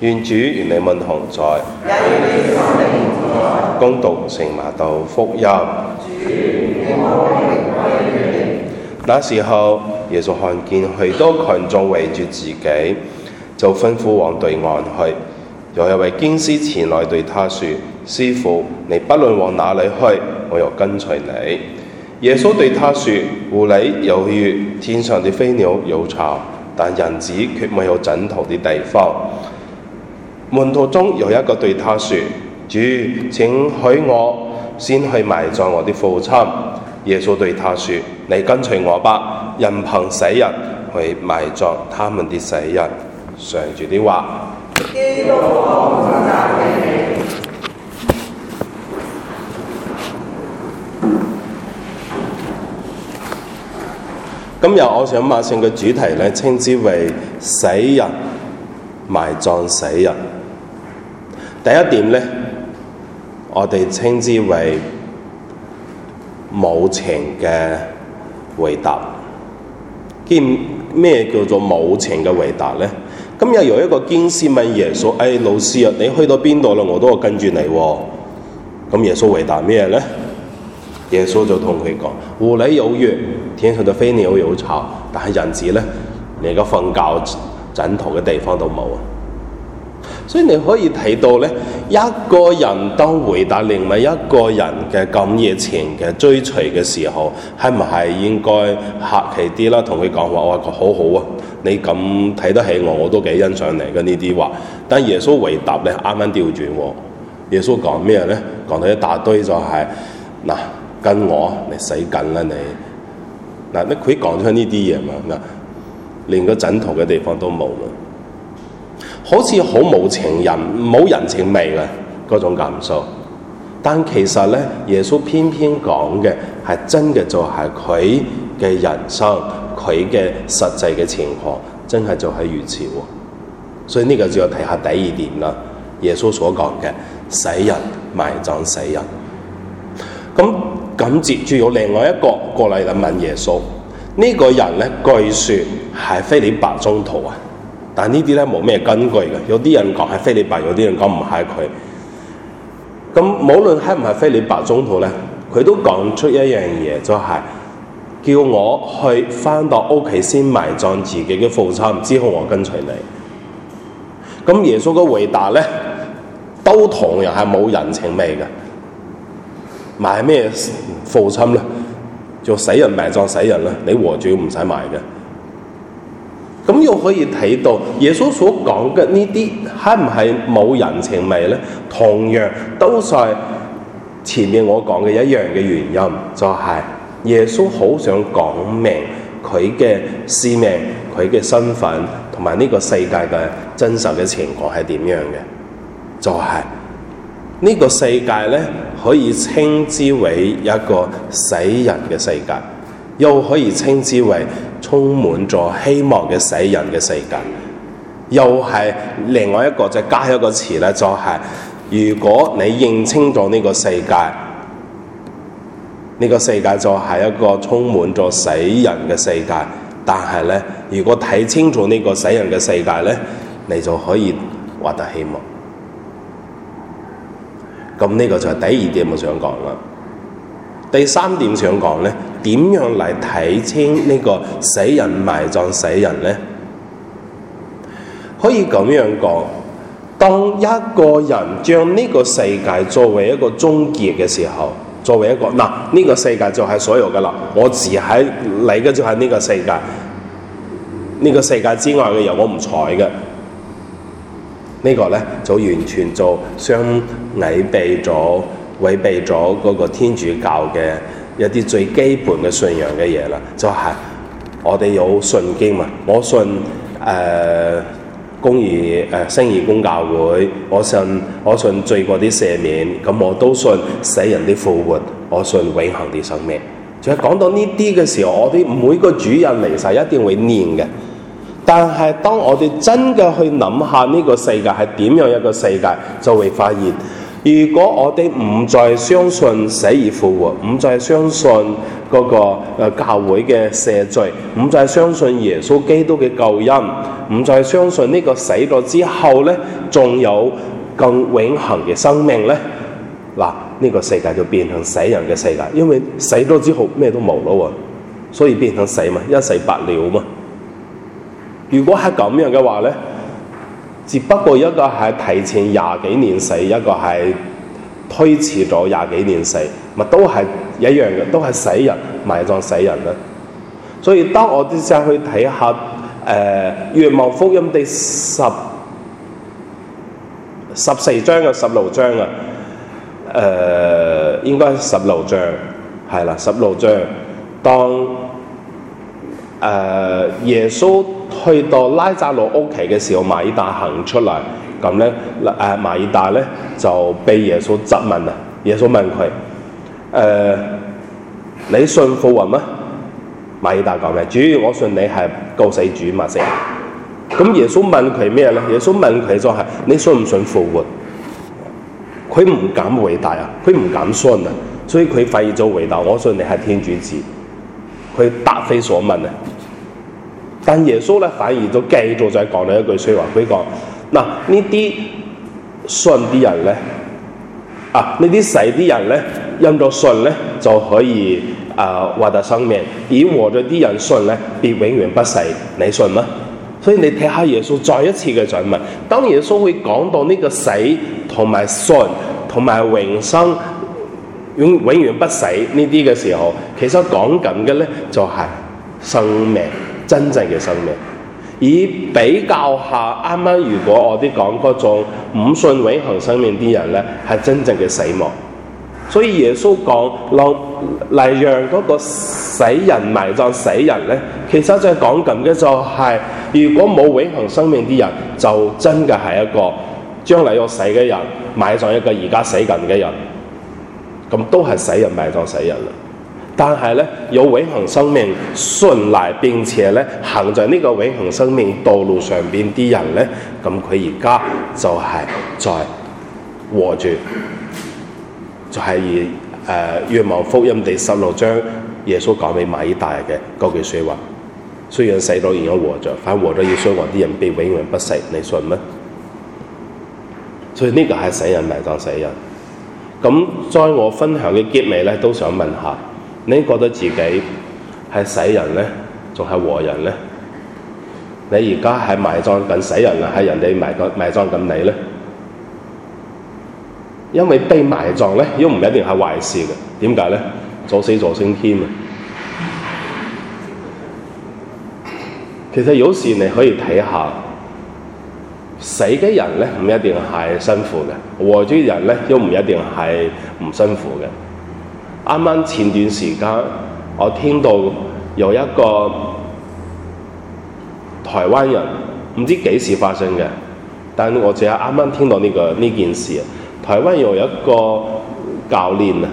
願主與你們同在。恭讀聖瑪竇福音。那時候，耶穌看見許多群眾圍住自己，就吩咐往對岸去。有一位經師前來對他說：「師傅，你不論往哪裏去，我又跟隨你。」耶穌對他說：狐狸、嗯、有穴，天上的飛鳥有巢，但人子卻沒有枕頭的地方。門徒中有一個對他説：主，請許我先去埋葬我的父親。耶穌對他説：你跟隨我吧，任憑死人去埋葬他們的死人，上主的話。今日我想馬上嘅主題咧，稱之為死人埋葬死人。第一點呢，我哋稱之為無情嘅回答。兼咩叫做無情嘅回答呢？今日有一個經師問耶穌：誒、哎、老師啊，你去到邊度啦？我都跟住你喎、哦。咁、嗯、耶穌回答咩呢？耶穌就同佢講：狐狸有穴，天上嘅飛鳥有巢，但係人子呢，連個瞓覺枕頭嘅地方都冇啊！所以你可以睇到咧，一個人當回答另外一個人嘅咁熱情嘅追隨嘅時候，係唔係應該客氣啲啦？同佢講話，哇，好好啊！你咁睇得起我，我都幾欣賞你嘅呢啲話。但耶穌回答咧，啱啱調轉喎。耶穌講咩咧？講到一大堆就係、是、嗱，跟我你死梗啦你。嗱，你佢講出呢啲嘢嘛。嗱，連個枕頭嘅地方都冇好似好冇情人、冇人情味嘅嗰種感受，但其實咧，耶穌偏偏講嘅係真嘅，就係佢嘅人生，佢嘅實際嘅情況，真係就係如此喎。所以呢個就要睇下第二點啦。耶穌所講嘅死人埋葬死人，咁咁接住有另外一個過嚟嚟問耶穌呢、呢個人咧據說，係斐理伯宗徒啊。但這些呢啲咧，冇咩根據嘅，有啲人講係菲利伯，有啲人講唔係佢。咁無論係唔係菲利伯，中途呢，佢都講出一樣嘢、就是，就係叫我去返到屋企先埋葬自己的父親，之後我跟隨你。咁耶穌嘅回答呢，都同樣係冇人情味嘅。埋咩父親呢？就死人埋葬死人啦，你活住唔使埋嘅。咁又可以睇到耶穌所講嘅呢啲係唔係冇人情味咧？同樣都係前面我講嘅一樣嘅原因，就係耶穌好想講明佢嘅使命、佢嘅身份同埋呢個世界嘅真實嘅情況係點樣嘅？就係呢個世界咧，可以稱之為一個死人嘅世界，又可以稱之為充滿咗希望嘅死人嘅世界，又係另外一個，就加一個詞咧，就係、是、如果你認清咗呢個世界，呢、這個世界就係一個充滿咗死人嘅世界。但係咧，如果睇清楚呢個死人嘅世界咧，你就可以獲得希望。咁呢個就係第二點，我想講啦。第三點想講呢，點樣嚟睇清呢個死人埋葬死人呢？可以咁樣講，當一個人將呢個世界作為一個終結嘅時候，作為一個嗱，呢個世界就係所有噶啦，我住喺嚟嘅就係呢個世界，呢個世界之外嘅人我唔睬嘅，呢個呢，就完全就相違背咗。違背咗嗰個天主教嘅一啲最基本嘅信仰嘅嘢啦，就係、是、我哋有信經嘛，我信誒、呃、公義誒聖、呃、義公教會，我信我信罪過啲赦免，咁、嗯、我都信死人啲復活，我信永恆啲生命。就係、是、講到呢啲嘅時候，我哋每個主日彌撒一定會念嘅。但係當我哋真嘅去諗下呢個世界係點樣一個世界，就會發現。如果我哋唔再相信死而復活，唔再相信嗰個教會嘅赦罪，唔再相信耶穌基督嘅救恩，唔再相信呢個死咗之後咧，仲有更永恆嘅生命咧，嗱，呢個世界就變成死人嘅世界，因為死咗之後咩都冇咯喎，所以變成死嘛，一死百了嘛。如果係咁樣嘅話咧，只不過一個係提前廿幾年死，一個係推遲咗廿幾年死，咪都係一樣嘅，都係死人埋葬死人啦。所以當我哋走去睇下誒《若、呃、望福音》第十十四章嘅，啊、十六章啊，誒、呃、應該十六章係啦，十六章當。誒、uh, 耶穌去到拉扎羅屋企嘅時候，馬爾大行出嚟，咁咧誒馬爾大咧就被耶穌質問啊！耶穌問佢：誒、呃、你信復活咩？」「馬爾大講嘅，主我信你係救世主嘛！成咁耶穌問佢咩咧？耶穌問佢就係、是、你信唔信復活？佢唔敢回答啊！佢唔敢信啊！所以佢費咗回答，我信你係天主子。佢答非所問啊！但耶穌咧，反而就繼續再講了一句説話，佢講嗱，呢啲信啲人咧，啊呢啲死啲人咧，因咗信咧就可以啊獲得生命；而活着啲人信咧，便永遠不死。你信嗎？所以你睇下耶穌再一次嘅訊問。當耶穌會講到呢個死同埋信同埋永生。永永遠不死呢啲嘅時候，其實講緊嘅咧就係生命，真正嘅生命。而比較下啱啱如果我哋講嗰種唔信永恆生命啲人咧，係真正嘅死亡。所以耶穌講，嚟讓嗰個死人埋葬死人咧，其實在講緊嘅就係、就是，如果冇永恆生命啲人，就真嘅係一個將嚟要死嘅人埋葬一個而家死緊嘅人。咁、嗯、都係死人埋葬死人啦，但係咧有永恆生命信賴，並且咧行在呢個永恆生命道路上邊啲人咧，咁佢而家就係在活着，就係誒若望福音第十六章耶穌講俾馬爾大嘅嗰句説話，雖然死咗而家活着，反係活着要相關啲人被永遠不死，你信咩？所以呢個係死人埋葬死人。咁在我分享嘅結尾呢，都想問下，你覺得自己係死人呢，仲係活人呢？你而家係埋葬緊死人啊，係人哋埋葬埋葬緊你呢？因為被埋葬咧，都唔一定係壞事嘅。點解呢？早死早升天啊！其實有時你可以睇下。死嘅人咧唔一定係辛苦嘅，活住嘅人咧都唔一定係唔辛苦嘅。啱啱前段時間我聽到有一個台灣人，唔知幾時發生嘅，但我只係啱啱聽到呢個呢件事。台灣有一個教練啊，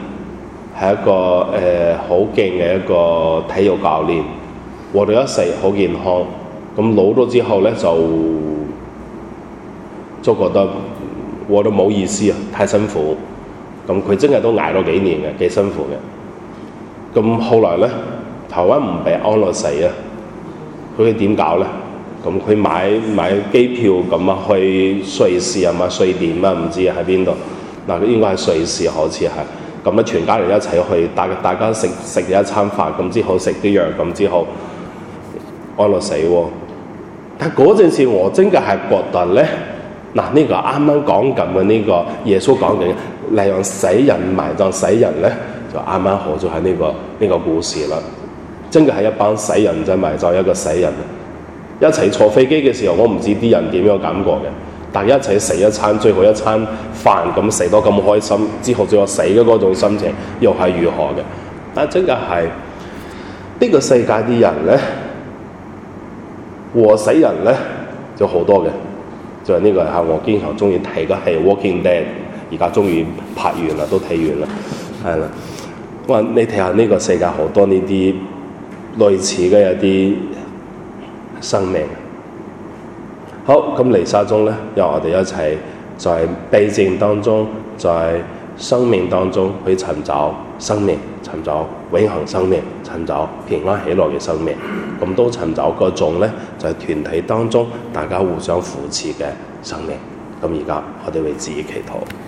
係一個誒好勁嘅一個體育教練，活到一世好健康，咁老咗之後咧就。都覺得我都冇意思啊，太辛苦。咁佢真係都挨咗幾年嘅，幾辛苦嘅。咁後來咧，台灣唔俾安樂死啊，佢點搞咧？咁佢買買機票咁啊，去瑞士啊，嘛瑞典啊，唔知喺邊度嗱，應該係瑞士好似係咁啊，全家人一齊去，大家大家食食一餐飯，咁之後食啲藥，咁之後安樂死喎。但嗰陣時我真係係覺得咧。嗱，呢個啱啱講緊嘅呢個耶穌講緊， 利用死人埋葬死人咧，就啱啱好就喺呢個呢、這個故事啦。真嘅係一班死人真埋葬一個死人，一齊坐飛機嘅時候，我唔知啲人點樣感覺嘅，但係一齊食一餐最後一餐飯咁食得咁開心，之後最後死嘅嗰種心情又係如何嘅？但真嘅係呢個世界啲人咧，和死人咧就好多嘅。就係呢個係我經常鍾意睇嘅係《Walking Dead》，而家終於拍完啦，都睇完啦，你睇下呢個世界好多呢啲類似嘅一啲生命。好，咁、嗯、離沙中咧，由我哋一齊、就是、在悲靜當中，在生命當中去尋找生命，尋找永恒生命，尋找平安喜樂嘅生命，咁都尋找各種呢就係團體當中，大家互相扶持嘅生命。咁而家我哋為自己祈禱。